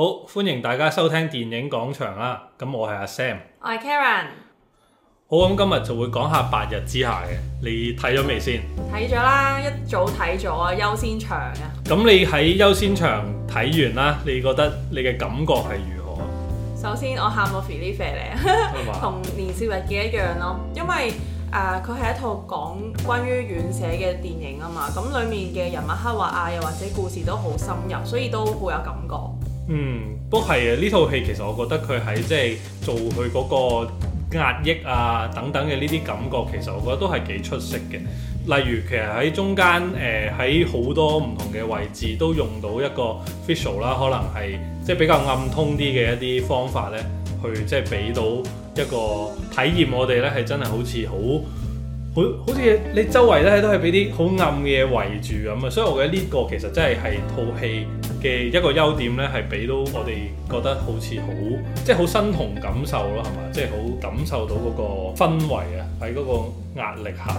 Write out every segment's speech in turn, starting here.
好，歡迎大家收聽電影廣場啦。咁我係阿 Sam，我係 Karen。好，咁今日就會講下《八日之下》嘅，你睇咗未先？睇咗啦，一早睇咗啊，優先場啊。咁你喺優先場睇完啦，你覺得你嘅感覺係如何？首先我喊到 feel very 靚，同《年少日記》一樣咯，因為誒佢係一套講關於遠寫嘅電影啊嘛，咁裏面嘅人物刻畫啊，又或者故事都好深入，所以都好有感覺。嗯，都係啊！呢套戲其實我覺得佢喺即係做佢嗰個壓抑啊等等嘅呢啲感覺，其實我覺得都係幾出色嘅。例如其實喺中間誒喺好多唔同嘅位置都用到一個 f a c i a l 啦，可能係即係比較暗通啲嘅一啲方法咧，去即係俾到一個體驗。我哋咧係真係好似好好好似你周圍咧都係俾啲好暗嘅嘢圍住咁啊！所以我覺得呢個其實真係係套戲嘅一個優點咧，係俾到我哋覺得好似好，即係好身同感受咯，係嘛？即係好感受到嗰個氛圍啊，喺嗰個壓力下，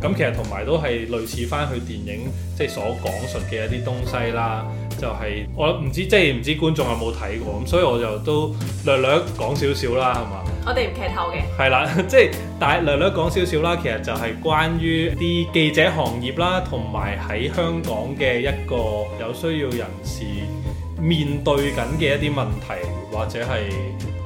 咁其實同埋都係類似翻佢電影即係、就是、所講述嘅一啲東西啦。就係、是、我唔知，即係唔知觀眾有冇睇過，咁，所以我就都略略講少少啦，係嘛？我哋唔劇透嘅。係啦，即係大略略講少少啦。其實就係關於啲記者行業啦，同埋喺香港嘅一個有需要人士面對緊嘅一啲問題，或者係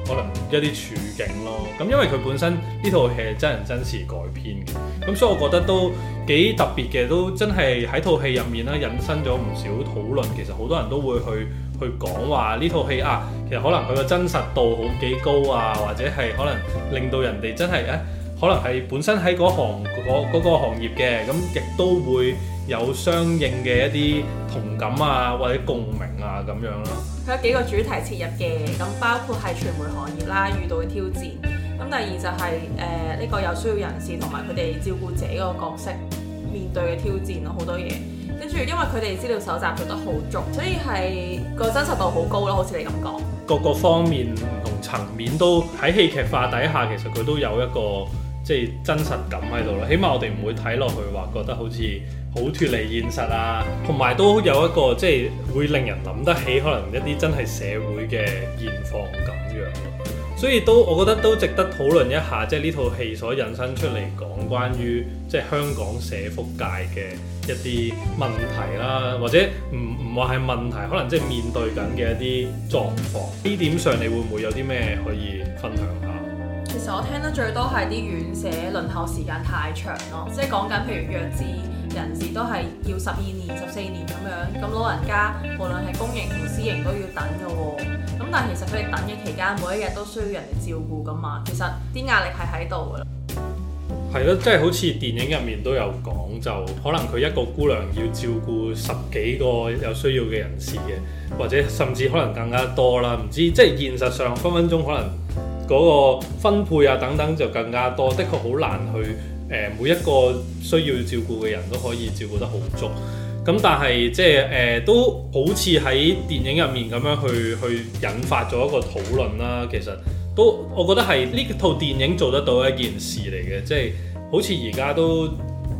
可能一啲處境咯。咁因為佢本身呢套戲係真人真事改編嘅，咁所以我覺得都幾特別嘅，都真係喺套戲入面呢，引申咗唔少討論。其實好多人都會去。去講話呢套戲啊，其實可能佢個真實度好幾高啊，或者係可能令到人哋真係誒，可能係本身喺嗰行嗰、嗰個嗰個行業嘅，咁亦都會有相應嘅一啲同感啊，或者共鳴啊咁樣咯。佢有幾個主題切入嘅，咁包括係傳媒行業啦，遇到嘅挑戰，咁第二就係誒呢個有需要人士同埋佢哋照顧者嗰個角色面對嘅挑戰咯，好多嘢。跟住，因為佢哋資料搜集做得好足，所以係個真實度好高咯，好似你咁講。各個方面唔同層面都喺戲劇化底下，其實佢都有一個即係真實感喺度咯。起碼我哋唔會睇落去話覺得好似好脫離現實啊，同埋都有一個即係會令人諗得起可能一啲真係社會嘅現況咁樣。所以都我覺得都值得討論一下，即係呢套戲所引申出嚟講，關於即係香港社福界嘅。一啲問題啦，或者唔唔話係問題，可能即係面對緊嘅一啲狀況。呢點上你會唔會有啲咩可以分享下？其實我聽得最多係啲院舍輪候時間太長咯，即係講緊譬如弱智人士都係要十二年、十四年咁樣，咁老人家無論係公營同私營都要等嘅喎。咁但係其實佢哋等嘅期間，每一日都需要人哋照顧噶嘛，其實啲壓力係喺度㗎。係咯，即係好似電影入面都有講，就可能佢一個姑娘要照顧十幾個有需要嘅人士嘅，或者甚至可能更加多啦。唔知即係現實上分、那個、分鐘可能嗰個分配啊等等就更加多，的確好難去誒每一個需要照顧嘅人都可以照顧得好足。咁但係即係誒、呃、都好似喺電影入面咁樣去去引發咗一個討論啦。其實。都，我覺得係呢套電影做得到一件事嚟嘅，即係好似而家都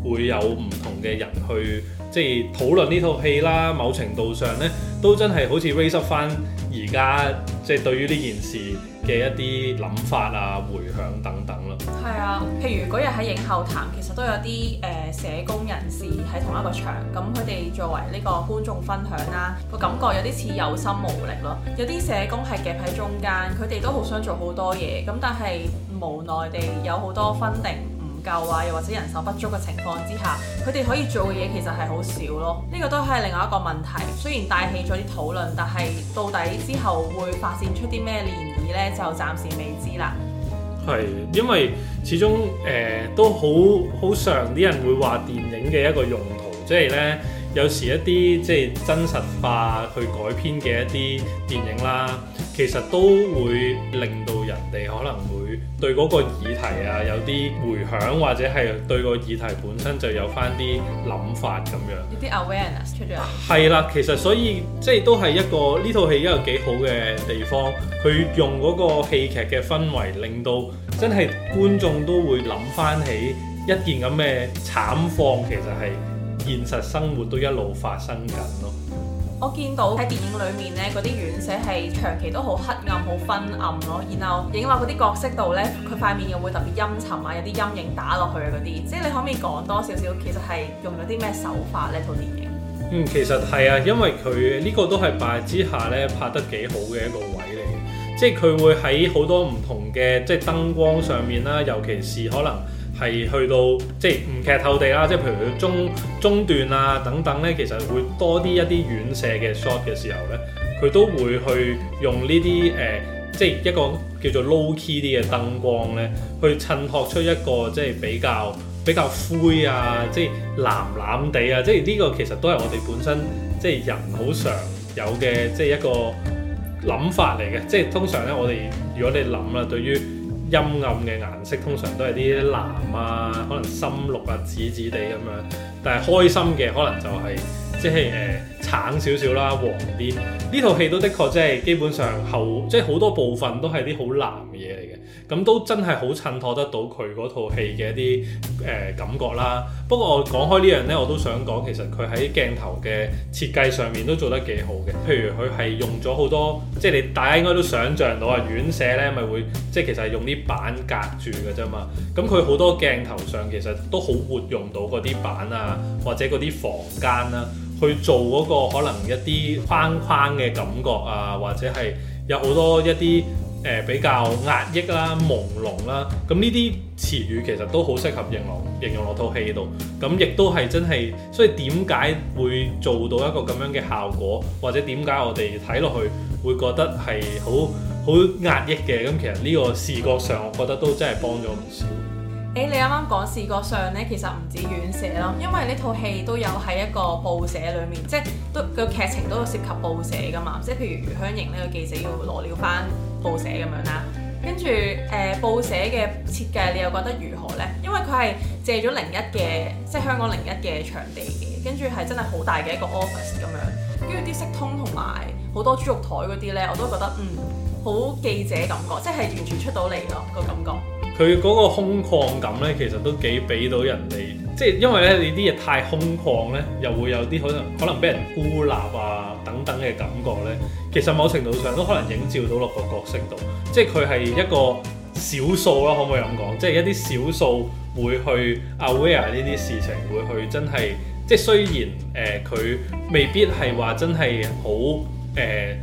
會有唔同嘅人去，即係討論呢套戲啦。某程度上咧，都真係好似 raise up 翻而家，即係對於呢件事嘅一啲諗法啊、回響等等。係啊，譬如嗰日喺影後談，其實都有啲誒、呃、社工人士喺同一個場，咁佢哋作為呢個觀眾分享啦，個感覺有啲似有心無力咯。有啲社工係夾喺中間，佢哋都好想做好多嘢，咁但係無奈地有好多分定唔夠啊，又或者人手不足嘅情況之下，佢哋可以做嘅嘢其實係好少咯。呢個都係另外一個問題，雖然帶起咗啲討論，但係到底之後會發展出啲咩漣漪呢？就暫時未知啦。係，因為始終誒、呃、都好好常啲人會話電影嘅一個用途，即係咧。有時一啲即係真實化去改編嘅一啲電影啦，其實都會令到人哋可能會對嗰個議題啊，有啲迴響，或者係對個議題本身就有翻啲諗法咁樣。有啲 awareness 出咗嚟。係啦，其實所以即係都係一個呢套戲一個幾好嘅地方，佢用嗰個戲劇嘅氛圍，令到真係觀眾都會諗翻起一件咁嘅慘況，其實係。現實生活都一路發生緊咯。我見到喺電影裏面咧，嗰啲院舍係長期都好黑暗、好昏暗咯。然後影落嗰啲角色度咧，佢塊面又會特別陰沉啊，有啲陰影打落去啊嗰啲。即係你可唔可以講多少少，其實係用咗啲咩手法咧？套電影嗯，其實係啊，因為佢呢個都係白日之下咧拍得幾好嘅一個位嚟嘅，即係佢會喺好多唔同嘅即係燈光上面啦，尤其是可能。係去到即係唔劇透地啦，即係譬如佢中中段啊等等咧，其實會多啲一啲遠射嘅 shot 嘅時候咧，佢都會去用呢啲誒，即係一個叫做 low key 啲嘅燈光咧，去襯托出一個即係比較比較灰啊，即係藍藍地啊，即係呢個其實都係我哋本身即係人好常有嘅即係一個諗法嚟嘅，即係通常咧，我哋如果你諗啦，對於陰暗嘅顏色通常都係啲藍啊，可能深綠啊、紫紫哋咁樣，但係開心嘅可能就係即係誒橙少少啦、黃啲。呢套戲都的確即係基本上後即係好多部分都係啲好藍嘅嘢。咁都真係好襯托得到佢嗰套戲嘅一啲誒、呃、感覺啦。不過我講開呢樣呢，我都想講，其實佢喺鏡頭嘅設計上面都做得幾好嘅。譬如佢係用咗好多，即係你大家應該都想象到啊。院舍呢咪會，即係其實係用啲板隔住嘅啫嘛。咁佢好多鏡頭上其實都好活用到嗰啲板啊，或者嗰啲房間啦、啊，去做嗰個可能一啲框框嘅感覺啊，或者係有好多一啲。誒比較壓抑啦、朦朧啦，咁呢啲詞語其實都好適合形容形容落套戲度，咁亦都係真係，所以點解會做到一個咁樣嘅效果，或者點解我哋睇落去會覺得係好好壓抑嘅？咁其實呢個視覺上，我覺得都真係幫咗唔少。誒、欸，你啱啱講視覺上呢，其實唔止院舍咯，因為呢套戲都有喺一個報社裏面，即係都個劇情都有涉及報社㗎嘛，即係譬如余香凝呢個記者要攞料返。報社咁樣啦，跟住誒報社嘅設計，你又覺得如何呢？因為佢係借咗零一嘅，即係香港零一嘅場地嘅，跟住係真係好大嘅一個 office 咁樣，跟住啲色通同埋好多豬肉台嗰啲呢，我都覺得嗯好記者感覺，即係完全出到嚟咯個感覺。佢嗰個空曠感呢，其實都幾俾到人哋，即係因為呢你啲嘢太空曠呢，又會有啲可能，可能俾人孤立啊等等嘅感覺呢，其實某程度上都可能影照到落個角色度，即係佢係一個少數咯，可唔可以咁講？即係一啲少數會去 Aware 呢啲事情，會去真係，即係雖然佢、呃、未必係話真係好誒。呃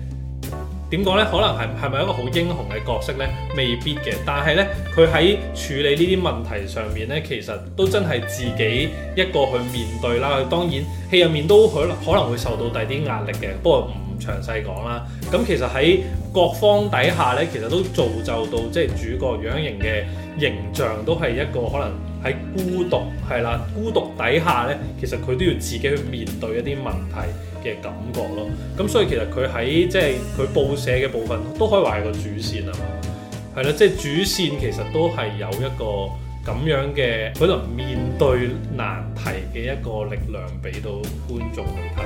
點講呢？可能係係咪一個好英雄嘅角色呢？未必嘅。但係呢，佢喺處理呢啲問題上面呢，其實都真係自己一個去面對啦。當然戲入面都可可能會受到第啲壓力嘅，不過唔詳細講啦。咁、嗯、其實喺各方底下呢，其實都造就到即係、就是、主角樣形嘅形象都係一個可能喺孤獨係啦，孤獨底下呢，其實佢都要自己去面對一啲問題。嘅感覺咯，咁所以其實佢喺即係佢報社嘅部分都可以話係個主線啊嘛，係啦，即係、就是、主線其實都係有一個咁樣嘅，可能面對難題嘅一個力量俾到觀眾嚟睇。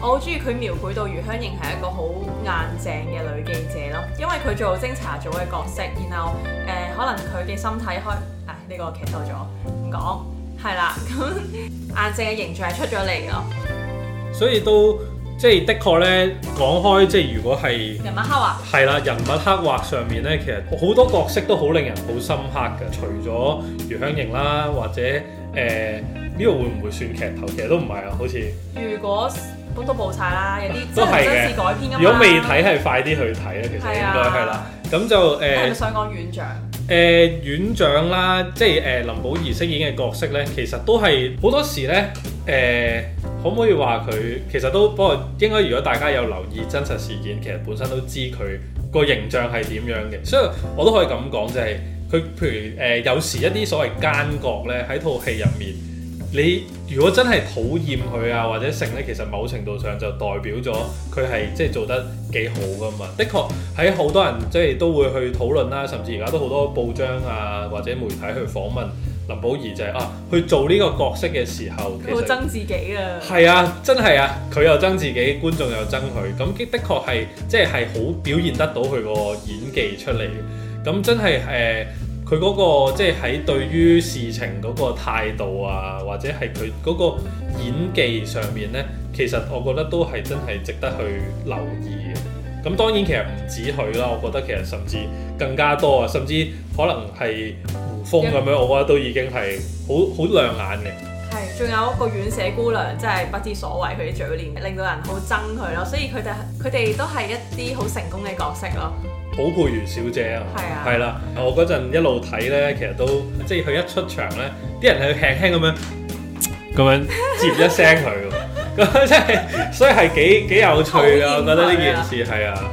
我好中意佢描繪到余香凝係一個好硬淨嘅女記者咯，因為佢做偵查組嘅角色，然後誒、呃、可能佢嘅心態，開誒呢個劇透咗唔講，係啦，咁 硬淨嘅形象係出咗嚟咯。所以都即係的確咧，講開即係如果係人物刻畫，係啦，人物刻畫上面咧，其實好多角色都好令人好深刻嘅。除咗余香凝啦，或者誒呢、呃呢個會唔會算劇頭？其實都唔係啊，好似如果都都補曬啦，有啲都係都改編嘅。如果未睇，係快啲去睇啦，其實的應該係啦。咁就誒，呃、係咪想講院長誒、呃、院長啦，即係誒林保怡飾演嘅角色咧，其實都係好多時咧誒。呃呃呃可唔可以話佢其實都不過應該，如果大家有留意真實事件，其實本身都知佢個形象係點樣嘅，所以我都可以咁講，就係、是、佢譬如誒、呃、有時一啲所謂奸角呢，喺套戲入面，你如果真係討厭佢啊或者剩呢，其實某程度上就代表咗佢係即係做得幾好㗎嘛。的確喺好多人即係、就是、都會去討論啦，甚至而家都好多報章啊或者媒體去訪問。林保怡就係、是、啊，去做呢個角色嘅時候，佢憎自己啊，係啊，真係啊，佢又憎自己，觀眾又憎佢，咁的確係即係係好表現得到佢個演技出嚟。咁真係誒，佢、呃、嗰、嗰個即係喺對於事情嗰個態度啊，或者係佢嗰個演技上面呢，其實我覺得都係真係值得去留意嘅。咁當然其實唔止佢啦，我覺得其實甚至更加多啊，甚至可能係胡楓咁樣，我覺得都已經係好好亮眼嘅。係，仲有一個院舍姑娘真係不知所謂，佢啲嘴臉，令到人好憎佢咯。所以佢哋佢哋都係一啲好成功嘅角色咯。寶佩如小姐啊，係啊，係啦。我嗰陣一路睇咧，其實都即係佢一出場咧，啲人係輕輕咁樣咁樣接一聲佢。咁真係， 所以係幾幾有趣啊！趣我覺得呢件事係啊，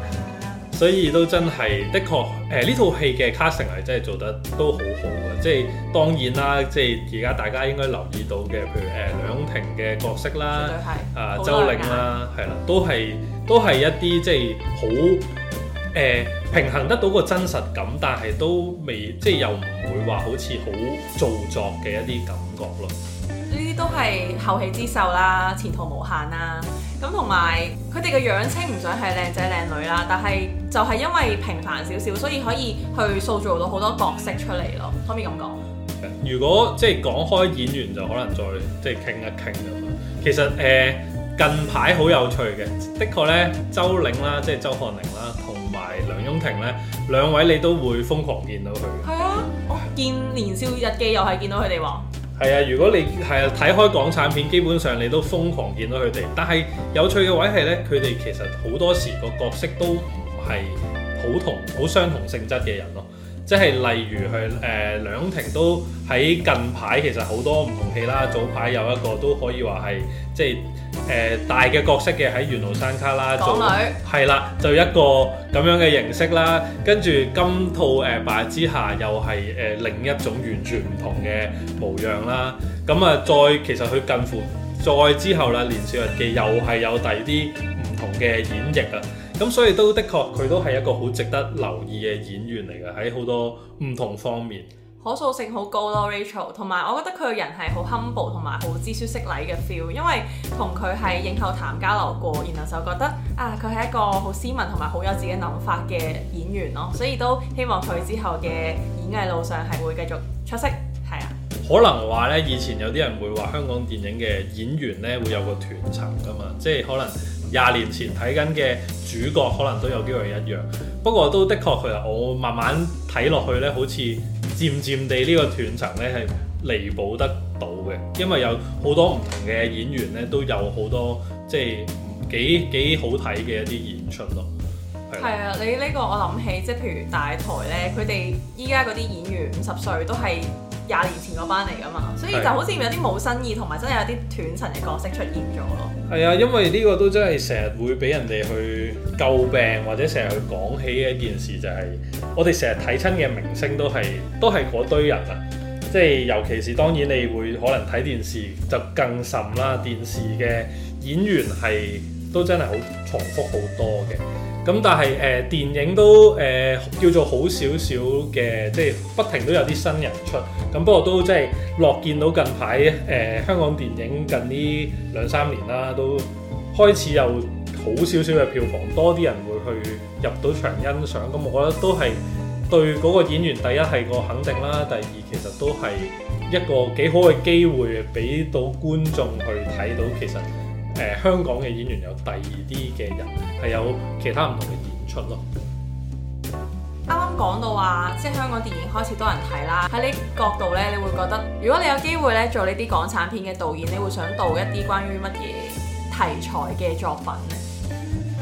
所以都真係的，的確，誒呢套戲嘅 casting 係真係做得都好好啊！即係當然啦，即係而家大家應該留意到嘅，譬如誒兩庭嘅角色啦，啊周寧啊，係啦，都係都係一啲即係好誒平衡得到個真實感，但係都未即係又唔會話好似好做作嘅一啲感覺咯。呢啲都係後起之秀啦，前途無限啦。咁同埋佢哋嘅樣稱唔上係靚仔靚女啦，但係就係因為平凡少少，所以可以去塑造到好多角色出嚟咯。可唔可以 y 咁講？如果即係講開演員，就可能再即係傾一傾。其實誒、呃、近排好有趣嘅，的確呢，周領啦，即係周漢寧啦，同埋梁雍婷呢兩位你都會瘋狂見到佢。係啊，我見《年少日記》又係見到佢哋喎。係啊，如果你係啊睇開港產片，基本上你都瘋狂見到佢哋。但係有趣嘅位係咧，佢哋其實好多時個角色都唔係好同好相同性質嘅人咯。即係例如係誒、呃、梁雍婷都喺近排其實好多唔同戲啦，早排有一個都可以話係即係誒、呃、大嘅角色嘅喺《緣路山旮旯》啦，港女係啦，就一個咁樣嘅形式啦。跟住今套《誒、呃、白日之下又》又係誒另一種完全唔同嘅模樣啦。咁啊，再其實佢近乎再之後啦，《年少日記又》又係有第二啲唔同嘅演繹啊。咁所以都的確，佢都係一個好值得留意嘅演員嚟嘅，喺好多唔同方面。可塑性好高咯，Rachel。同埋我覺得佢個人係好 humble 同埋好知書識禮嘅 feel。因為同佢係影後談交流過，然後就覺得啊，佢係一個好斯文同埋好有自己諗法嘅演員咯。所以都希望佢之後嘅演藝路上係會繼續出色。係啊。可能話呢，以前有啲人會話香港電影嘅演員呢會有個斷層㗎嘛，即係可能。廿年前睇緊嘅主角可能都有機會一樣，不過都的確其實我慢慢睇落去咧，好似漸漸地呢個斷層咧係彌補得到嘅，因為有好多唔同嘅演員咧都有好多即係幾幾好睇嘅一啲演出咯。係啊，你呢個我諗起，即係譬如大台咧，佢哋依家嗰啲演員五十歲都係。廿年前嗰班嚟㗎嘛，所以就好似有啲冇新意，同埋真係有啲斷層嘅角色出現咗咯。係啊，因為呢個都真係成日會俾人哋去詬病，或者成日去講起嘅一件事就係、是，我哋成日睇親嘅明星都係都係嗰堆人啊。即係尤其是當然你會可能睇電視就更甚啦，電視嘅演員係都真係好重複好多嘅。咁但係誒、呃、電影都誒、呃、叫做好少少嘅，即係不停都有啲新人出。咁不過都即係樂見到近排誒、呃、香港電影近呢兩三年啦，都開始有好少少嘅票房，多啲人會去入到場欣賞。咁我覺得都係對嗰個演員第一係個肯定啦，第二其實都係一個幾好嘅機會，俾到觀眾去睇到其實。誒、呃、香港嘅演員有第二啲嘅人，係有其他唔同嘅演出咯。啱啱講到話，即係香港電影開始多人睇啦。喺呢角度呢，你會覺得，如果你有機會呢做呢啲港產片嘅導演，你會想導一啲關於乜嘢題材嘅作品呢？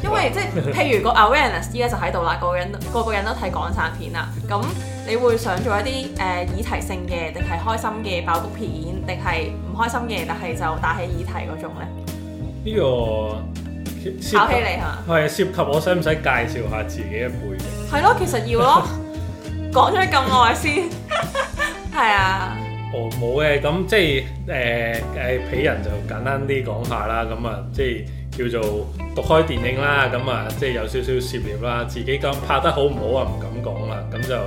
因為即係 譬如個 awareness 依家就喺度啦，個個人，個個人都睇港產片啦。咁你會想做一啲誒、呃、議題性嘅，定係開心嘅爆谷片，定係唔開心嘅，但係就打起議題嗰種咧？呢、這個考起你係啊？係涉及我使唔使介紹下自己嘅背景？係咯，其實要咯，講咗咁耐先，係 啊的。哦冇嘅，咁即係誒誒鄙人就簡單啲講下啦。咁啊，即係叫做讀開電影啦。咁啊，即係有少少涉獵啦。自己咁拍得好唔好啊？唔敢講啦。咁就誒，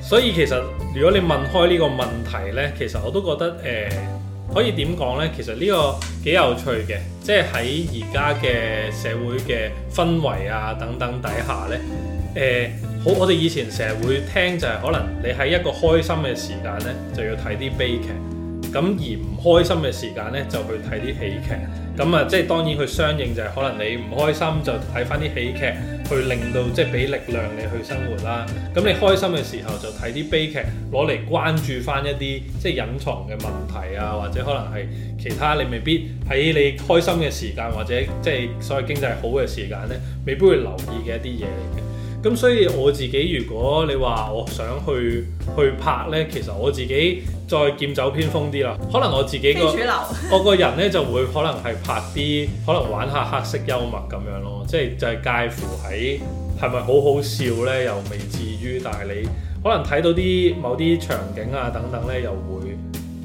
所以其實如果你問開呢個問題咧，其實我都覺得誒。呃可以點講呢？其實呢個幾有趣嘅，即係喺而家嘅社會嘅氛圍啊等等底下呢。誒、呃、好我哋以前成日會聽就係可能你喺一個開心嘅時間呢，就要睇啲悲劇，咁而唔開心嘅時間呢，就去睇啲喜劇。.咁啊，即係當然佢相應就係、是、可能你唔開心就睇翻啲喜劇去令到即係俾力量你去生活啦。咁你開心嘅時候就睇啲悲劇攞嚟關注翻一啲即係隱藏嘅問題啊，或者可能係其他你未必喺你開心嘅時間，或者即係所謂經濟好嘅時間咧，未必會留意嘅一啲嘢嚟嘅。咁所以我自己，如果你話我想去去拍呢，其實我自己再劍走偏鋒啲啦。可能我自己個主流 我個人呢，就會可能係拍啲可能玩下黑色幽默咁樣咯，即係就係介乎喺係咪好好笑呢，又未至於，但係你可能睇到啲某啲場景啊等等呢，又會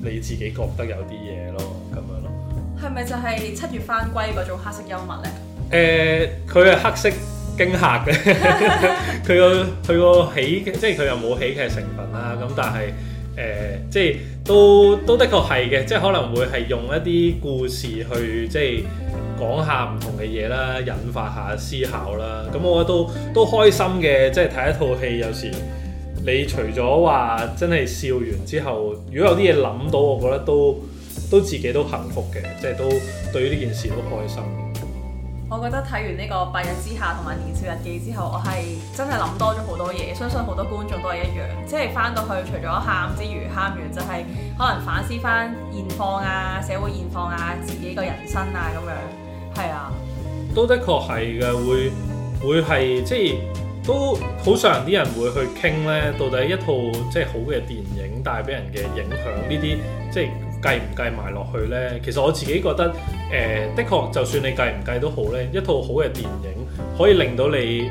你自己覺得有啲嘢咯，咁樣咯。係咪就係七月返歸嗰種黑色幽默呢？誒、呃，佢係黑色。驚嚇嘅， 佢個佢個喜劇，即係佢又冇喜劇成分啦。咁但係誒、呃，即係都都的確係嘅，即係可能會係用一啲故事去即係講下唔同嘅嘢啦，引發下思考啦。咁我覺得都都開心嘅，即係睇一套戲有時，你除咗話真係笑完之後，如果有啲嘢諗到，我覺得都都自己都幸福嘅，即係都對於呢件事都開心。我覺得睇完呢個《白日之下》同埋《年少日記》之後，我係真係諗多咗好多嘢，相信好多觀眾都係一樣，即係翻到去除咗喊之餘，喊完就係可能反思翻現況啊、社會現況啊、自己個人生啊咁樣，係啊，都的確係嘅，會會係即係都好常啲人會去傾呢，到底一套即係好嘅電影帶俾人嘅影響呢啲，即係。計唔計埋落去呢？其實我自己覺得，誒，呃，的確就算你計唔計都好咧。一套好嘅電影可以令到你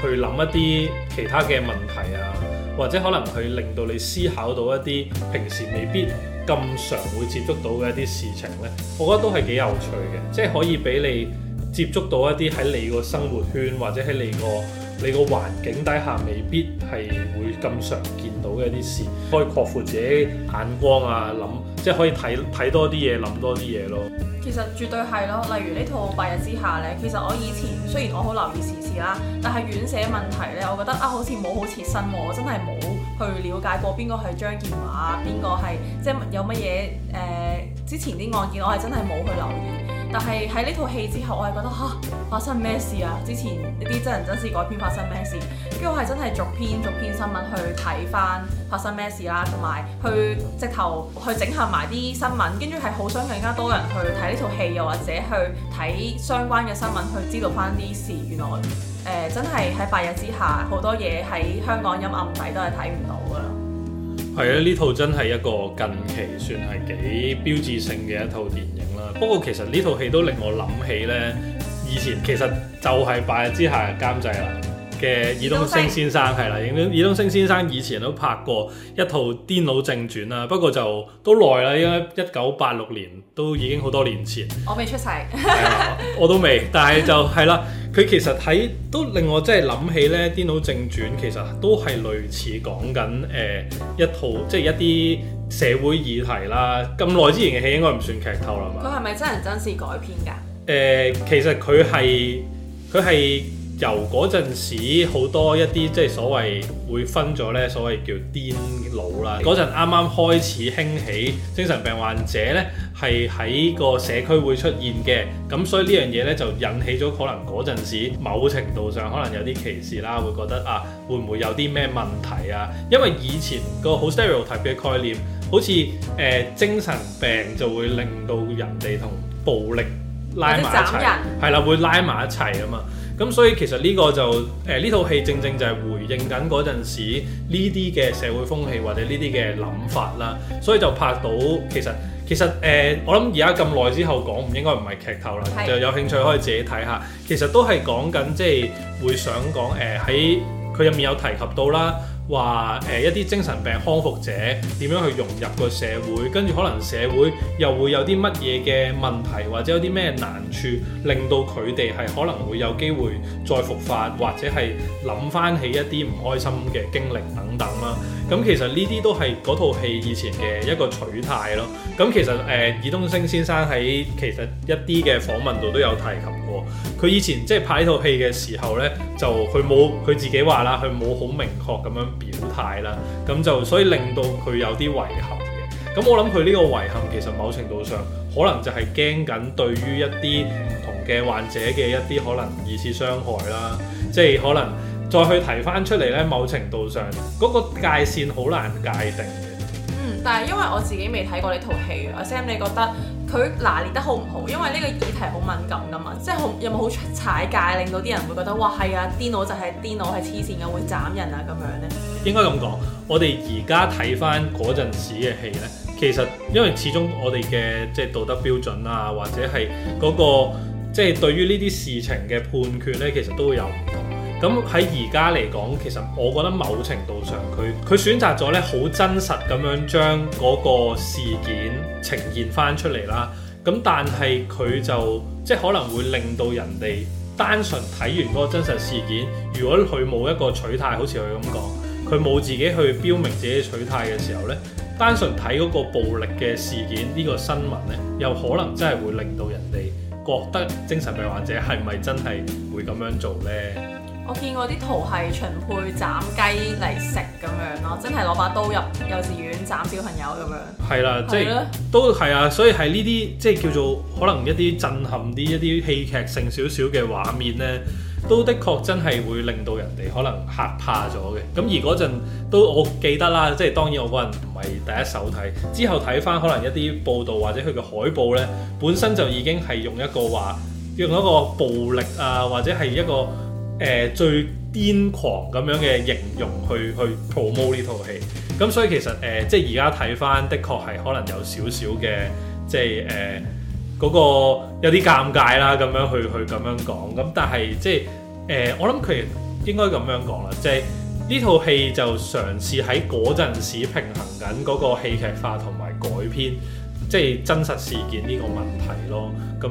去諗一啲其他嘅問題啊，或者可能去令到你思考到一啲平時未必咁常會接觸到嘅一啲事情呢，我覺得都係幾有趣嘅，即係可以俾你接觸到一啲喺你個生活圈或者喺你個。你個環境底下未必係會咁常見到嘅一啲事，可以擴闊自己眼光啊，諗即係可以睇睇多啲嘢，諗多啲嘢咯。其實絕對係咯，例如呢套《白日之下》呢，其實我以前雖然我好留意時事啦，但係院舍問題呢，我覺得啊，好似冇好切身喎，我真係冇去了解過邊個係張健華，邊個係即係有乜嘢誒之前啲案件，我係真係冇去留意。但係喺呢套戲之後，我係覺得嚇、啊、發生咩事啊？之前呢啲真人真事改編發生咩事？跟住我係真係逐篇逐篇新聞去睇翻發生咩事啦，同埋去直頭去整合埋啲新聞，跟住係好想更加多人去睇呢套戲，又或者去睇相關嘅新聞，去知道翻啲事。原來誒、呃、真係喺白日之下，好多嘢喺香港陰暗底都係睇唔到㗎啦。係啊，呢套真係一個近期算係幾標誌性嘅一套電影啦。不過其實呢套戲都令我諗起呢，以前其實就係白日之下監製啦。嘅爾冬陞先生係啦，爾冬爾冬陞先生以前都拍過一套《癲佬正傳》啦，不過就都耐啦，應該一九八六年都已經好多年前。我未出世， 我都未，但係就係啦，佢其實睇都令我真係諗起咧，《癲佬正傳》其實都係類似講緊誒一套即係、就是、一啲社會議題啦。咁耐之前嘅戲應該唔算劇透啦嘛。佢係咪真人真事改編噶誒、呃，其實佢係佢係。由嗰陣時好多一啲即係所謂會分咗呢，所謂叫癲佬啦。嗰陣啱啱開始興起精神病患者呢，係喺個社區會出現嘅。咁所以呢樣嘢呢就引起咗可能嗰陣時某程度上可能有啲歧視啦，會覺得啊會唔會有啲咩問題啊？因為以前個好 stereotype 嘅概念，好似誒、呃、精神病就會令到人哋同暴力拉埋一齊，係啦，會拉埋一齊啊嘛。咁所以其實呢個就誒呢套戲正正就係回應緊嗰陣時呢啲嘅社會風氣或者呢啲嘅諗法啦，所以就拍到其實其實誒、呃、我諗而家咁耐之後講，唔應該唔係劇透啦，就有興趣可以自己睇下，其實都係講緊即係會想講誒喺佢入面有提及到啦。話誒一啲精神病康復者點樣去融入個社會，跟住可能社會又會有啲乜嘢嘅問題，或者有啲咩難處，令到佢哋係可能會有機會再復發，或者係諗翻起一啲唔開心嘅經歷等等啦。咁其實呢啲都係嗰套戲以前嘅一個取態咯。咁其實誒，爾、呃、冬陞先生喺其實一啲嘅訪問度都有提及。佢以前即係拍呢套戲嘅時候呢，就佢冇佢自己話啦，佢冇好明確咁樣表態啦，咁就所以令到佢有啲遺憾嘅。咁我諗佢呢個遺憾其實某程度上可能就係驚緊對於一啲唔同嘅患者嘅一啲可能二次傷害啦，即係可能再去提翻出嚟呢某程度上嗰個界線好難界定嘅。嗯，但係因為我自己未睇過呢套戲，阿 Sam 你覺得？佢拿捏得好唔好？因為呢個議題好敏感㗎嘛，即係好有冇好踩界，令到啲人會覺得哇係、就是、啊，癲佬就係癲佬，係黐線嘅，會斬人啊咁樣呢，應該咁講，我哋而家睇翻嗰陣時嘅戲呢，其實因為始終我哋嘅即係道德標準啊，或者係嗰個即係、就是、對於呢啲事情嘅判決呢，其實都會有。咁喺而家嚟講，其實我覺得某程度上，佢佢選擇咗咧好真實咁樣將嗰個事件呈現翻出嚟啦。咁但係佢就即係可能會令到人哋單純睇完嗰個真實事件，如果佢冇一個取態，好似佢咁講，佢冇自己去標明自己取態嘅時候咧，單純睇嗰個暴力嘅事件，呢個新聞咧，又可能真係會令到人哋覺得精神病患者係咪真係會咁樣做咧？我見過啲圖係純配斬雞嚟食咁樣咯，真係攞把刀入幼稚園斬小朋友咁樣。係啦、啊，呢即係都係啊，所以係呢啲即係叫做可能一啲震撼啲、一啲戲劇性少少嘅畫面呢，都的確真係會令到人哋可能嚇怕咗嘅。咁而嗰陣都我記得啦，即係當然我個人唔係第一手睇，之後睇翻可能一啲報道或者佢嘅海報呢，本身就已經係用一個話用一個暴力啊，或者係一個。誒、呃、最瘋狂咁樣嘅形容去去 promote 呢套戲，咁所以其實誒、呃、即係而家睇返，的確係可能有少少嘅即係誒嗰個有啲尷尬啦，咁樣去去咁樣講，咁但係即係誒、呃、我諗佢應該咁樣講啦，即係呢套戲就嘗試喺嗰陣時平衡緊嗰個戲劇化同埋改編即係真實事件呢個問題咯，咁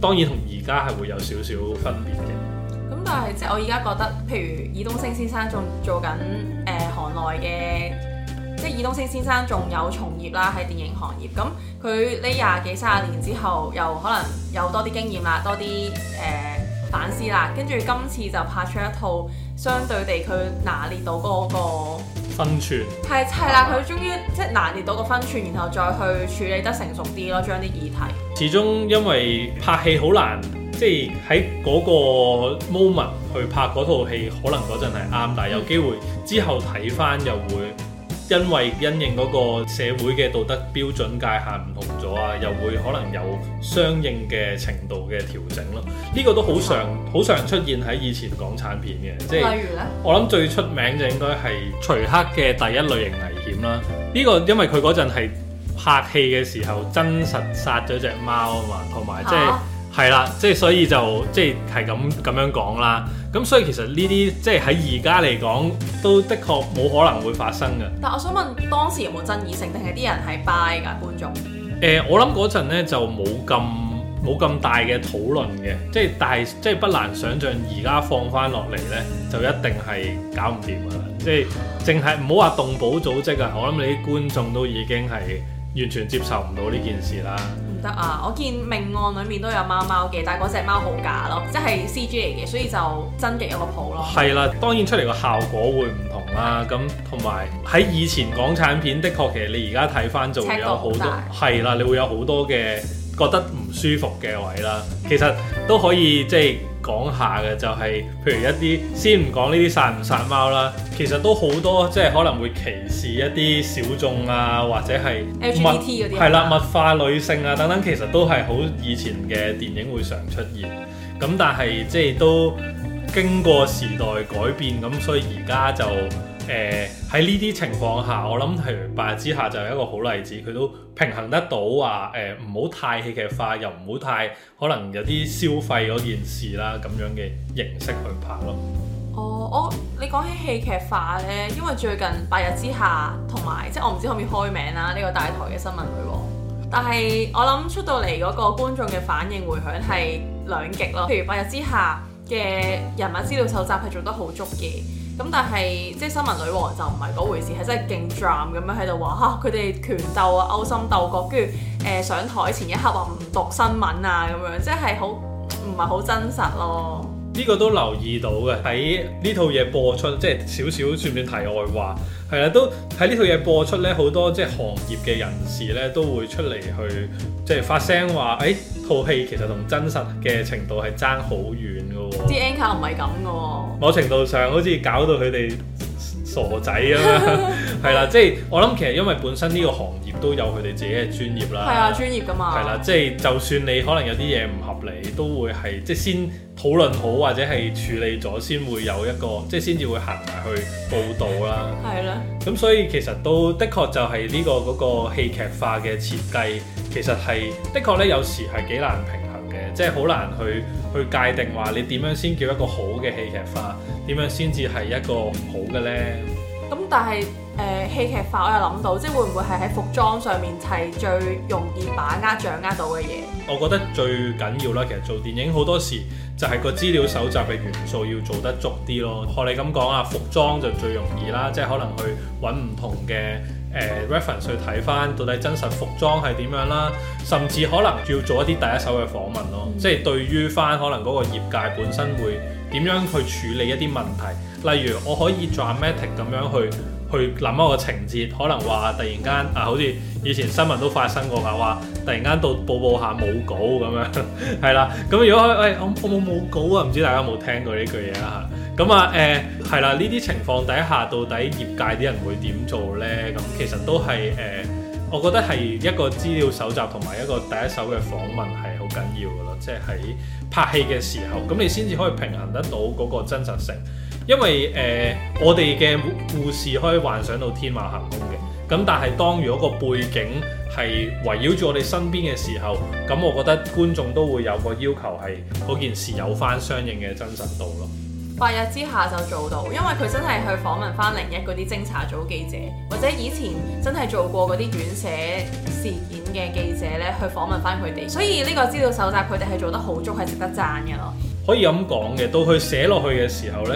當然同而家係會有少少分別嘅。咁但係即係我而家覺得，譬如爾冬升先生仲做緊誒、呃、行內嘅，即係爾冬升先生仲有從業啦，喺電影行業。咁佢呢廿幾三十年之後，又可能有多啲經驗啦，多啲誒、呃、反思啦。跟住今次就拍出一套相對地，佢拿捏到嗰、那個分寸。係係啦，佢嗎終於即係拿捏到個分寸，然後再去處理得成熟啲咯，將啲議題。始終因為拍戲好難。即係喺嗰個 moment 去拍嗰套戲，可能嗰陣係啱，但係有機會之後睇翻又會因為因應嗰個社會嘅道德標準界限唔同咗啊，又會可能有相應嘅程度嘅調整咯。呢、這個都好常好、嗯、常出現喺以前港產片嘅，如即係我諗最出名就應該係徐克嘅第一類型危險啦。呢、這個因為佢嗰陣係拍戲嘅時候真實殺咗隻貓、就是、啊嘛，同埋即係。係啦，即係所以就即係係咁咁樣講啦。咁所以其實呢啲即係喺而家嚟講，都的確冇可能會發生嘅。但我想問，當時有冇爭議性定係啲人係 buy 㗎觀眾？誒、呃，我諗嗰陣咧就冇咁冇咁大嘅討論嘅。即係但係即係不難想像，而家放翻落嚟咧，就一定係搞唔掂㗎啦。即係淨係唔好話動保組織啊，我諗你啲觀眾都已經係完全接受唔到呢件事啦。得啊！我見命案裏面都有貓貓嘅，但係嗰隻貓好假咯，即係 CG 嚟嘅，所以就增極一個譜咯。係啦，當然出嚟個效果會唔同啦。咁同埋喺以前港產片的確，其實你而家睇返就會有好多，係啦，你會有好多嘅，覺得唔舒服嘅位啦，其實都可以即係講下嘅，就係譬如一啲先唔講呢啲殺唔殺貓啦，其實都好多即係可能會歧視一啲小眾啊，或者係 LGBT 啦，物化女性啊等等，其實都係好以前嘅電影會常出現，咁但係即係都經過時代改變，咁所以而家就。誒喺呢啲情況下，我諗譬如《白日之下》就係一個好例子，佢都平衡得到話誒唔好太戲劇化，又唔好太可能有啲消費嗰件事啦咁樣嘅形式去拍咯。哦，我你講起戲劇化呢，因為最近《白日之下》同埋即係我唔知可唔可以開名啦，呢個大台嘅新聞女王，但係我諗出到嚟嗰個觀眾嘅反應回響係兩極咯。譬如《白日之下》嘅人物資料搜集係做得好足嘅。咁但係即係新聞女王就唔係回事，係真係勁 drum 咁樣喺度話吓佢哋拳鬥啊、勾心鬥角，跟住誒上台前一刻話唔讀新聞啊咁樣即係好唔係好真實咯？呢個都留意到嘅，喺呢套嘢播出，即係少少算唔算題外話係啦，都喺呢套嘢播出咧，好多即係行業嘅人士咧都會出嚟去即係發聲話誒套戲其實同真實嘅程度係爭好遠㗎。啲 anchor 唔係咁嘅喎，某程度上好似搞到佢哋傻仔咁樣，係啦， 即係我諗其實因為本身呢個行業都有佢哋自己嘅專業啦，係啊，專業噶嘛，係啦，即係就算你可能有啲嘢唔合理，都會係即係先討論好或者係處理咗先會有一個即係先至會行埋去報導啦，係啦的，咁所以其實都的確就係呢個嗰個戲劇化嘅設計，其實係的確咧有時係幾難評。即係好難去去界定話你點樣先叫一個好嘅戲劇化，點樣先至係一個唔好嘅呢？咁但係誒、呃、戲劇化，我又諗到，即係會唔會係喺服裝上面係最容易把握、掌握到嘅嘢？我覺得最緊要啦，其實做電影好多時。就係個資料搜集嘅元素要做得足啲咯。學你咁講啊，服裝就最容易啦，即係可能去揾唔同嘅誒、呃、reference 去睇翻到底真實服裝係點樣啦，甚至可能要做一啲第一手嘅訪問咯。即係對於翻可能嗰個業界本身會點樣去處理一啲問題，例如我可以 dramatic 咁樣去。去諗一個情節，可能話突然間啊，好似以前新聞都發生過嚇，話突然間到報報下冇稿咁樣，係啦。咁如果喂、哎、我我冇稿啊，唔知大家有冇聽過呢句嘢啦嚇。咁啊誒係啦，呢、啊、啲、啊、情況底下到底業界啲人會點做咧？咁、啊、其實都係誒、啊，我覺得係一個資料搜集同埋一個第一手嘅訪問係好緊要㗎咯。即係喺拍戲嘅時候，咁你先至可以平衡得到嗰個真實性。因為誒、呃，我哋嘅故事可以幻想到天馬行空嘅，咁但係當如果個背景係圍繞住我哋身邊嘅時候，咁我覺得觀眾都會有個要求係嗰件事有翻相應嘅真實度咯。白日之下就做到，因為佢真係去訪問翻零一嗰啲偵查組記者，或者以前真係做過嗰啲院舍事件嘅記者呢，去訪問翻佢哋，所以呢個資料蒐集佢哋係做得好足，係值得讚嘅咯。可以咁講嘅，到佢寫落去嘅時候呢。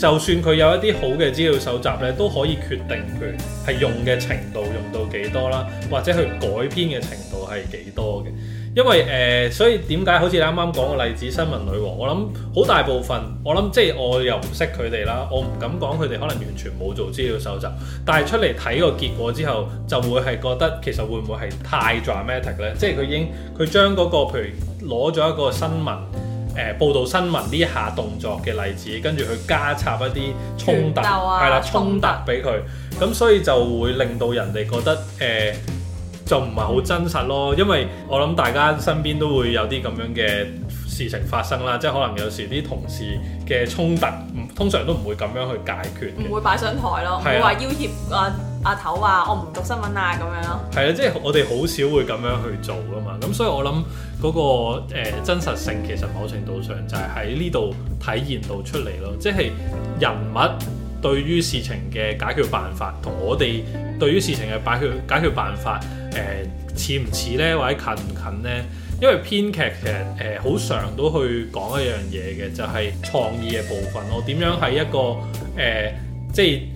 就算佢有一啲好嘅資料搜集咧，都可以決定佢係用嘅程度，用到幾多啦，或者佢改編嘅程度係幾多嘅。因為誒、呃，所以點解好似你啱啱講嘅例子《新聞女王》，我諗好大部分，我諗即係我又唔識佢哋啦，我唔敢講佢哋可能完全冇做資料搜集，但係出嚟睇個結果之後，就會係覺得其實會唔會係太 dramatic 咧？即係佢已經佢將嗰個譬如攞咗一個新聞。誒報道新聞呢下動作嘅例子，跟住去加插一啲衝突，係、啊、啦衝突俾佢，咁所以就會令到人哋覺得誒、呃、就唔係好真實咯。因為我諗大家身邊都會有啲咁樣嘅事情發生啦，即係可能有時啲同事嘅衝突，唔通常都唔會咁樣去解決，唔會擺上台咯，唔會話要挾啊。阿頭話：我唔讀新聞啊，咁樣。係啊，即係我哋好少會咁樣去做噶嘛。咁所以我諗嗰個誒真實性其實某程度上就係喺呢度體現到出嚟咯。即係人物對於事情嘅解決辦法，同我哋對於事情嘅解決解決辦法，誒似唔似呢？或者近唔近呢？因為編劇其實誒好常都去講一樣嘢嘅，就係創意嘅部分咯。點樣係一個誒即？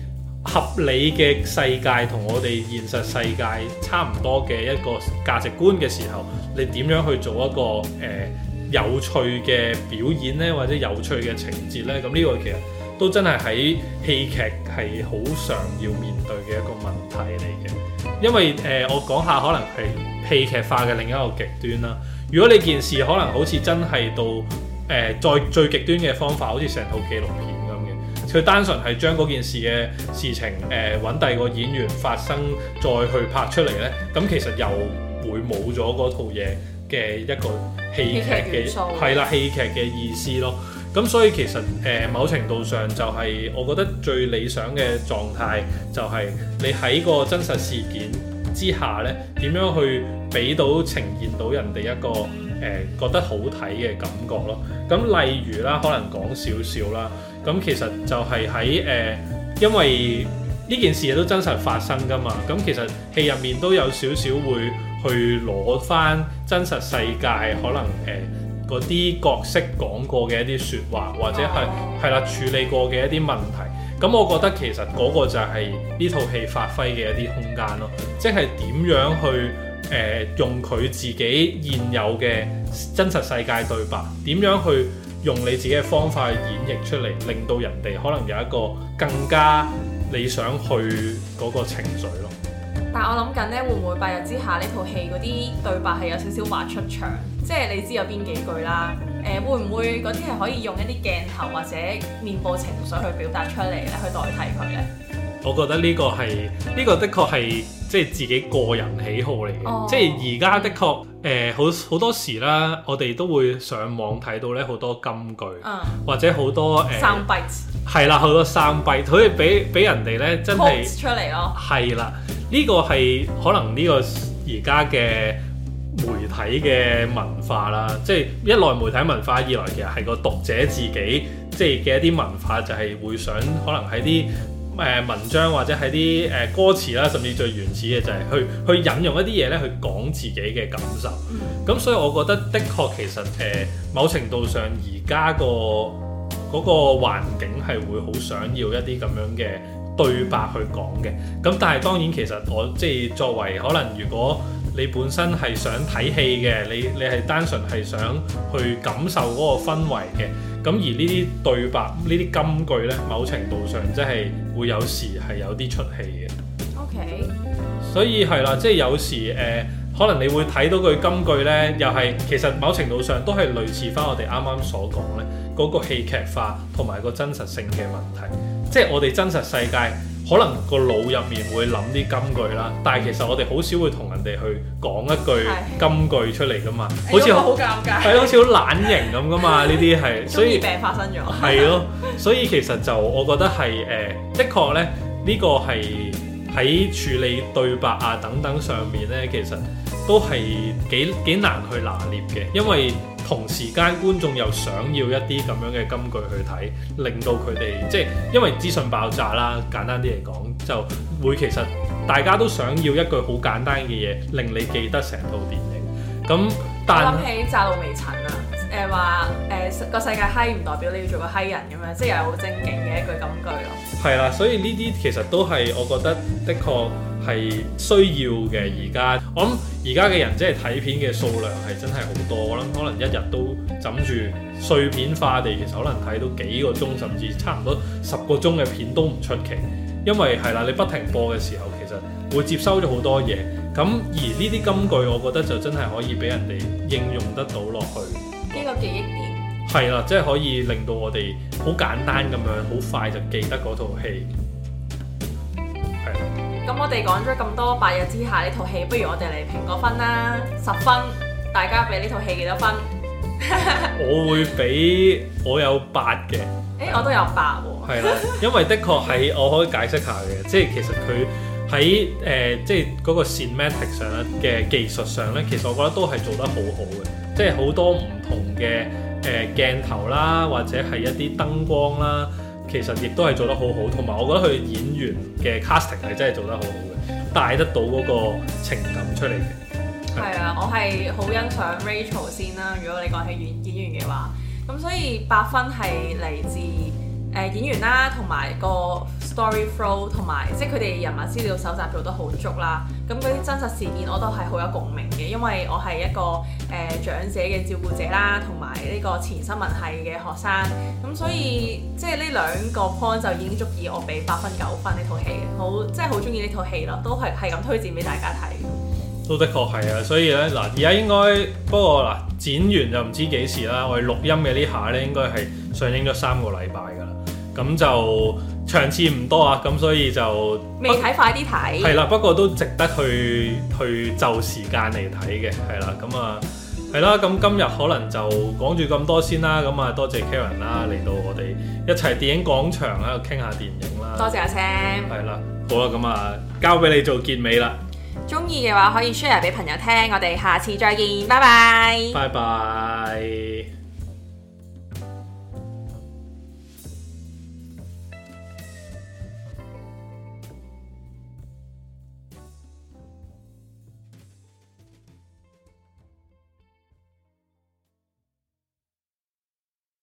合理嘅世界同我哋現實世界差唔多嘅一個價值觀嘅時候，你點樣去做一個誒、呃、有趣嘅表演咧，或者有趣嘅情節咧？咁呢個其實都真係喺戲劇係好常要面對嘅一個問題嚟嘅。因為誒、呃、我講下可能係戲劇化嘅另一個極端啦。如果你件事可能好似真係到誒、呃、再最極端嘅方法，好似成套紀錄片。佢單純係將嗰件事嘅事情，誒揾第二個演員發生，再去拍出嚟咧，咁其實又會冇咗嗰套嘢嘅一個戲劇嘅，係啦，戲劇嘅意思咯。咁、嗯、所以其實誒某程度上就係，我覺得最理想嘅狀態就係你喺個真實事件之下呢點樣去俾到呈現到人哋一個誒覺得好睇嘅感覺咯。咁、嗯、例如啦，可能講少少啦。咁其實就係喺誒，因為呢件事都真實發生噶嘛。咁其實戲入面都有少少會去攞返真實世界可能誒嗰啲角色講過嘅一啲説話，或者係係啦處理過嘅一啲問題。咁我覺得其實嗰個就係呢套戲發揮嘅一啲空間咯，即係點樣去誒、呃、用佢自己現有嘅真實世界對白，點樣去？用你自己嘅方法去演繹出嚟，令到人哋可能有一個更加你想去嗰個情緒咯。但係我諗緊咧，會唔會白日之下呢套戲嗰啲對白係有少少話出場，即係你知有邊幾句啦？誒，會唔會嗰啲係可以用一啲鏡頭或者面部情緒去表達出嚟咧，去代替佢咧？我覺得呢個係呢、這個的確係即係自己個人喜好嚟嘅，oh. 即係而家的確誒、呃、好好多時啦，我哋都會上網睇到咧好多金句，uh. 或者好多誒 soundbite 係啦，好多 soundbite，佢係俾俾人哋咧真係出嚟咯，係啦，呢、這個係可能呢個而家嘅媒體嘅文化啦，即係一來媒體文化，二來其實係個讀者自己即係嘅一啲文化，就係會想可能喺啲。誒、呃、文章或者係啲誒歌詞啦，甚至最原始嘅就係去去，去引用一啲嘢咧去講自己嘅感受。咁所以我覺得的確其實誒、呃、某程度上而家個嗰、那個環境係會好想要一啲咁樣嘅對白去講嘅。咁但係當然其實我即係作為可能，如果你本身係想睇戲嘅，你你係單純係想去感受嗰個氛圍嘅。咁而呢啲對白，呢啲金句呢，某程度上即係會有時係有啲出戲嘅。OK，所以係啦，即係有時誒，呃，可能你會睇到句金句呢，又係其實某程度上都係類似翻我哋啱啱所講呢嗰個戲劇化同埋個真實性嘅問題，即係我哋真實世界。可能個腦入面會諗啲金句啦，但係其實我哋好少會同人哋去講一句金句出嚟噶嘛，好似好尷尬，係咯， 好似好懶型咁噶嘛，呢啲係，所以病發生咗，係咯以， 所以其實就我覺得係誒，的確咧，呢、呢個係喺處理對白啊等等上面咧，其實都係幾幾難去拿捏嘅，因為。同時間觀眾又想要一啲咁樣嘅金句去睇，令到佢哋即係因為資訊爆炸啦，簡單啲嚟講，就會其實大家都想要一句好簡單嘅嘢，令你記得成套電影。咁但諗起窄路微塵啊，誒話誒個世界閪唔代表你要做個閪人咁樣，即係又好正經嘅一句金句咯。係啦，所以呢啲其實都係我覺得的確。係需要嘅，而家我諗而家嘅人即係睇片嘅數量係真係好多，我諗可能一日都枕住碎片化地，其實可能睇到幾個鐘，甚至差唔多十個鐘嘅片都唔出奇，因為係啦，你不停播嘅時候，其實會接收咗好多嘢。咁而呢啲金句，我覺得就真係可以俾人哋應用得到落去，呢個記，記憶點係啦，即係可以令到我哋好簡單咁樣，好快就記得嗰套戲，係。咁我哋講咗咁多白日之下呢套戲，不如我哋嚟評個分啦！十分，大家俾呢套戲幾多分？ 我會俾我有八嘅。誒、欸，我都有八喎。係啦， 因為的確係我可以解釋下嘅，即係其實佢喺誒即係嗰個 cinematic 上嘅技術上咧，其實我覺得都係做得好好嘅，即係好多唔同嘅誒、呃、鏡頭啦，或者係一啲燈光啦。其實亦都係做得好好，同埋我覺得佢演員嘅 casting 係真係做得好好嘅，帶得到嗰個情感出嚟嘅。係啊，我係好欣賞 Rachel 先啦。如果你講起演演員嘅話，咁所以八分係嚟自誒演員啦，同埋個 story flow 同埋即係佢哋人物資料搜集做得好足啦。咁嗰啲真實事件我都係好有共鳴嘅，因為我係一個，誒長者嘅照顧者啦，同埋呢個前新聞系嘅學生，咁所以即係呢兩個 point 就已經足以我俾八分九分呢套戲，好即係好中意呢套戲咯，都係係咁推薦俾大家睇。都的確係啊，所以呢，嗱，而家應該不過嗱剪完就唔知幾時啦。我哋錄音嘅呢下呢，應該係上映咗三個禮拜噶啦，咁就場次唔多啊，咁所以就未睇看、啊、快啲睇。係啦，不過都值得去去就時間嚟睇嘅，係啦，咁啊。係啦，咁今日可能就講住咁多先啦。咁啊，多謝 Karen 啦，嚟到我哋一齊電影廣場喺度傾下電影啦。多謝阿 Zam。係、嗯、啦，好啊，咁啊，交俾你做結尾啦。中意嘅話可以 share 俾朋友聽，我哋下次再見，拜拜。拜拜。